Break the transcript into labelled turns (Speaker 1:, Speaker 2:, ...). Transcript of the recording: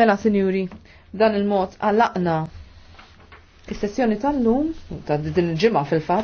Speaker 1: Mela, sinjuri, dan il-mod għallaqna is-sessjoni tal-lum, ta' din il-ġimgħa fil-fatt,